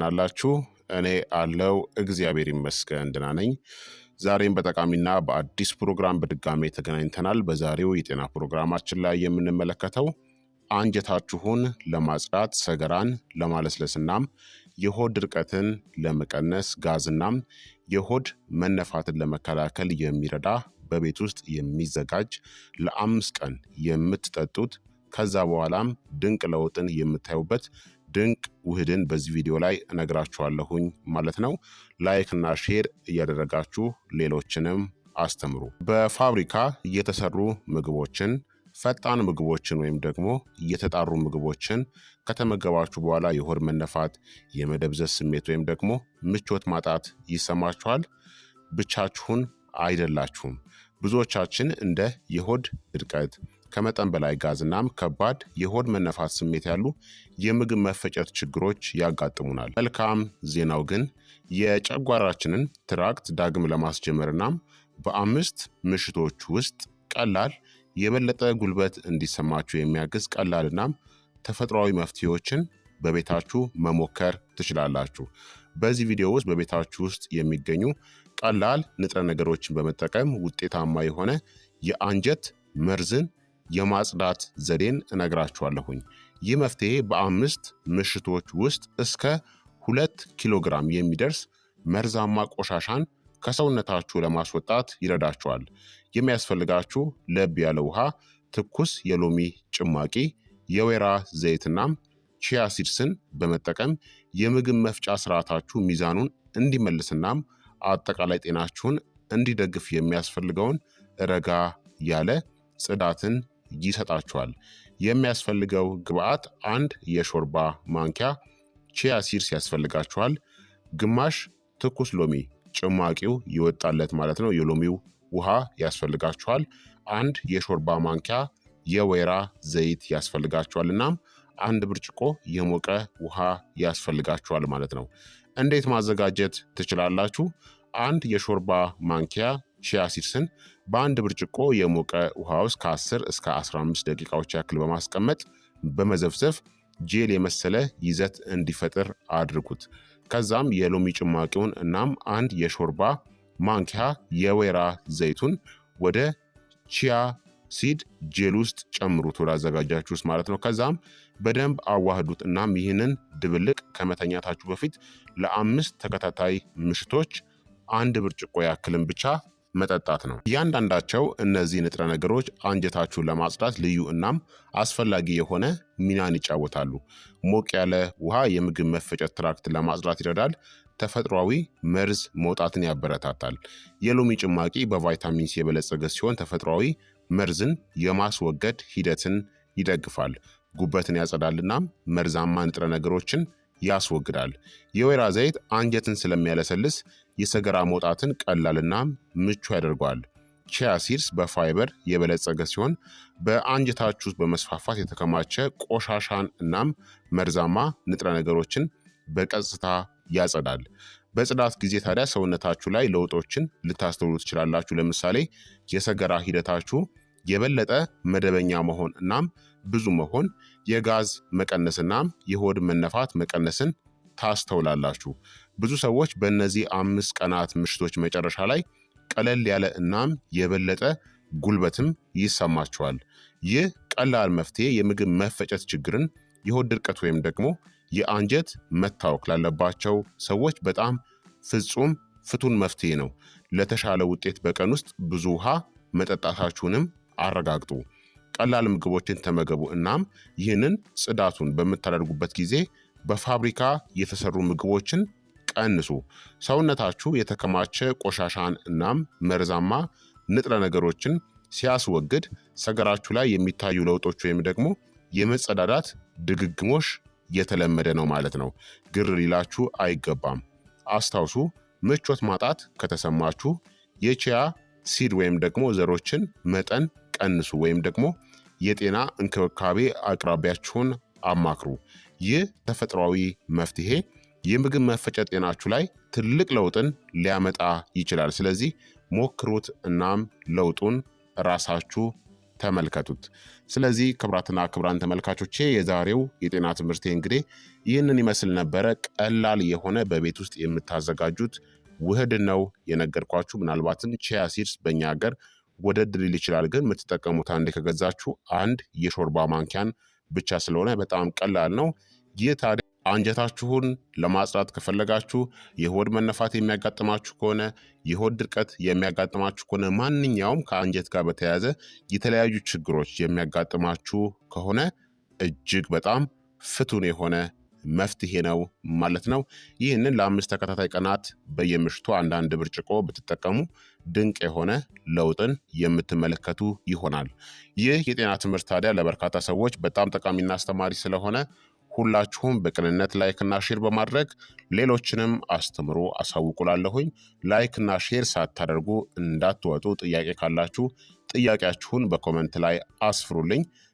እንደምናላችሁ እኔ አለው እግዚአብሔር ይመስገን ደህና ነኝ። ዛሬም በጠቃሚና በአዲስ ፕሮግራም በድጋሜ ተገናኝተናል። በዛሬው የጤና ፕሮግራማችን ላይ የምንመለከተው አንጀታችሁን ለማጽዳት፣ ሰገራን ለማለስለስናም የሆድ ድርቀትን ለመቀነስ፣ ጋዝናም የሆድ መነፋትን ለመከላከል የሚረዳ በቤት ውስጥ የሚዘጋጅ ለአምስት ቀን የምትጠጡት ከዛ በኋላም ድንቅ ለውጥን የምታዩበት ድንቅ ውህድን በዚህ ቪዲዮ ላይ እነግራችኋለሁኝ ማለት ነው። ላይክ እና ሼር እያደረጋችሁ ሌሎችንም አስተምሩ። በፋብሪካ እየተሰሩ ምግቦችን ፈጣን ምግቦችን ወይም ደግሞ እየተጣሩ ምግቦችን ከተመገባችሁ በኋላ የሆድ መነፋት፣ የመደብዘዝ ስሜት ወይም ደግሞ ምቾት ማጣት ይሰማችኋል? ብቻችሁን አይደላችሁም። ብዙዎቻችን እንደ የሆድ ድርቀት ከመጠን በላይ እናም ከባድ የሆድ መነፋት ስሜት ያሉ የምግብ መፈጨት ችግሮች ያጋጥሙናል። መልካም ዜናው ግን የጨጓራችንን ትራክት ዳግም እናም በአምስት ምሽቶች ውስጥ ቀላል የበለጠ ጉልበት እንዲሰማችሁ የሚያግዝ እናም ተፈጥሯዊ መፍትሄዎችን በቤታችሁ መሞከር ትችላላችሁ። በዚህ ቪዲዮ ውስጥ በቤታችሁ ውስጥ የሚገኙ ቀላል ንጥረ ነገሮችን በመጠቀም ውጤታማ የሆነ የአንጀት መርዝን የማጽዳት ዘዴን እነግራችኋለሁኝ። ይህ መፍትሄ በአምስት ምሽቶች ውስጥ እስከ ሁለት ኪሎ ግራም የሚደርስ መርዛማ ቆሻሻን ከሰውነታችሁ ለማስወጣት ይረዳችኋል። የሚያስፈልጋችሁ ለብ ያለ ውሃ፣ ትኩስ የሎሚ ጭማቂ፣ የወይራ ዘይትና ቺያ ሲድስን በመጠቀም የምግብ መፍጫ ስርዓታችሁ ሚዛኑን እንዲመልስናም አጠቃላይ ጤናችሁን እንዲደግፍ የሚያስፈልገውን ረጋ ያለ ጽዳትን ይሰጣቸዋል። የሚያስፈልገው ግብአት አንድ የሾርባ ማንኪያ ቺያ ሲርስ ያስፈልጋቸዋል። ግማሽ ትኩስ ሎሚ ጭማቂው ይወጣለት ማለት ነው። የሎሚው ውሃ ያስፈልጋቸዋል። አንድ የሾርባ ማንኪያ የወይራ ዘይት ያስፈልጋቸዋል። እናም አንድ ብርጭቆ የሞቀ ውሃ ያስፈልጋቸዋል ማለት ነው። እንዴት ማዘጋጀት ትችላላችሁ? አንድ የሾርባ ማንኪያ ቺያ ሲድስን በአንድ ብርጭቆ የሞቀ ውሃ ውስጥ ከ10 እስከ 15 ደቂቃዎች ያክል በማስቀመጥ በመዘፍዘፍ ጄል የመሰለ ይዘት እንዲፈጥር አድርጉት። ከዛም የሎሚ ጭማቂውን እናም አንድ የሾርባ ማንኪያ የወይራ ዘይቱን ወደ ቺያ ሲድ ጄል ውስጥ ጨምሩት ወዳዘጋጃችሁ ውስጥ ማለት ነው። ከዛም በደንብ አዋህዱት። እናም ይህንን ድብልቅ ከመተኛታችሁ በፊት ለአምስት ተከታታይ ምሽቶች አንድ ብርጭቆ ያክልን ብቻ መጠጣት ነው። እያንዳንዳቸው እነዚህ ንጥረ ነገሮች አንጀታችሁን ለማጽዳት ልዩ እናም አስፈላጊ የሆነ ሚናን ይጫወታሉ። ሞቅ ያለ ውሃ የምግብ መፈጨት ትራክት ለማጽዳት ይረዳል። ተፈጥሯዊ መርዝ መውጣትን ያበረታታል። የሎሚ ጭማቂ በቫይታሚን ሲ የበለጸገ ሲሆን ተፈጥሯዊ መርዝን የማስወገድ ሂደትን ይደግፋል። ጉበትን ያጸዳልናም መርዛማ ንጥረ ነገሮችን ያስወግዳል። የወይራ ዘይት አንጀትን ስለሚያለሰልስ የሰገራ መውጣትን ቀላልና ምቹ ያደርገዋል። ቺያ ሲድስ በፋይበር የበለጸገ ሲሆን በአንጀታችሁ ውስጥ በመስፋፋት የተከማቸ ቆሻሻን እናም መርዛማ ንጥረ ነገሮችን በቀጥታ ያጸዳል። በጽዳት ጊዜ ታዲያ ሰውነታችሁ ላይ ለውጦችን ልታስተውሉ ትችላላችሁ። ለምሳሌ የሰገራ ሂደታችሁ የበለጠ መደበኛ መሆን እናም ብዙ መሆን፣ የጋዝ መቀነስ እናም የሆድ መነፋት መቀነስን ታስተውላላችሁ። ብዙ ሰዎች በእነዚህ አምስት ቀናት ምሽቶች መጨረሻ ላይ ቀለል ያለ እናም የበለጠ ጉልበትም ይሰማቸዋል። ይህ ቀላል መፍትሄ የምግብ መፈጨት ችግርን፣ የሆድ ድርቀት ወይም ደግሞ የአንጀት መታወክ ላለባቸው ሰዎች በጣም ፍጹም ፍቱን መፍትሄ ነው። ለተሻለ ውጤት በቀን ውስጥ ብዙ ውሃ መጠጣታችሁንም አረጋግጡ። ቀላል ምግቦችን ተመገቡ። እናም ይህንን ጽዳቱን በምታደርጉበት ጊዜ በፋብሪካ የተሰሩ ምግቦችን ቀንሱ። ሰውነታችሁ የተከማቸ ቆሻሻን እናም መርዛማ ንጥረ ነገሮችን ሲያስወግድ ሰገራችሁ ላይ የሚታዩ ለውጦች ወይም ደግሞ የመጸዳዳት ድግግሞሽ የተለመደ ነው ማለት ነው። ግር ሊላችሁ አይገባም። አስታውሱ፣ ምቾት ማጣት ከተሰማችሁ የቺያ ሲድ ወይም ደግሞ ዘሮችን መጠን ቀንሱ ወይም ደግሞ የጤና እንክብካቤ አቅራቢያችሁን አማክሩ። ይህ ተፈጥሯዊ መፍትሄ የምግብ መፈጨት ጤናችሁ ላይ ትልቅ ለውጥን ሊያመጣ ይችላል። ስለዚህ ሞክሩት፣ እናም ለውጡን ራሳችሁ ተመልከቱት። ስለዚህ ክብራትና ክብራን ተመልካቾቼ የዛሬው የጤና ትምህርቴ እንግዲህ ይህንን ይመስል ነበረ። ቀላል የሆነ በቤት ውስጥ የምታዘጋጁት ውህድ ነው የነገርኳችሁ። ምናልባትም ቺያ ሲድስ በእኛ ሀገር ወደድ ሊል ይችላል። ግን የምትጠቀሙት አንድ ከገዛችሁ አንድ የሾርባ ማንኪያን ብቻ ስለሆነ በጣም ቀላል ነው። ይህ ታዲያ አንጀታችሁን ለማጽዳት ከፈለጋችሁ፣ የሆድ መነፋት የሚያጋጥማችሁ ከሆነ፣ የሆድ ድርቀት የሚያጋጥማችሁ ከሆነ፣ ማንኛውም ከአንጀት ጋር በተያያዘ የተለያዩ ችግሮች የሚያጋጥማችሁ ከሆነ እጅግ በጣም ፍቱን የሆነ መፍትሄ ነው ማለት ነው። ይህንን ለአምስት ተከታታይ ቀናት በየምሽቱ አንዳንድ ብርጭቆ ብትጠቀሙ ድንቅ የሆነ ለውጥን የምትመለከቱ ይሆናል። ይህ የጤና ትምህርት ታዲያ ለበርካታ ሰዎች በጣም ጠቃሚና አስተማሪ ስለሆነ ሁላችሁም በቅንነት ላይክና ሼር በማድረግ ሌሎችንም አስተምሮ አሳውቁላለሁኝ። ላይክና ሼር ሳታደርጉ እንዳትወጡ። ጥያቄ ካላችሁ ጥያቄያችሁን በኮመንት ላይ አስፍሩልኝ።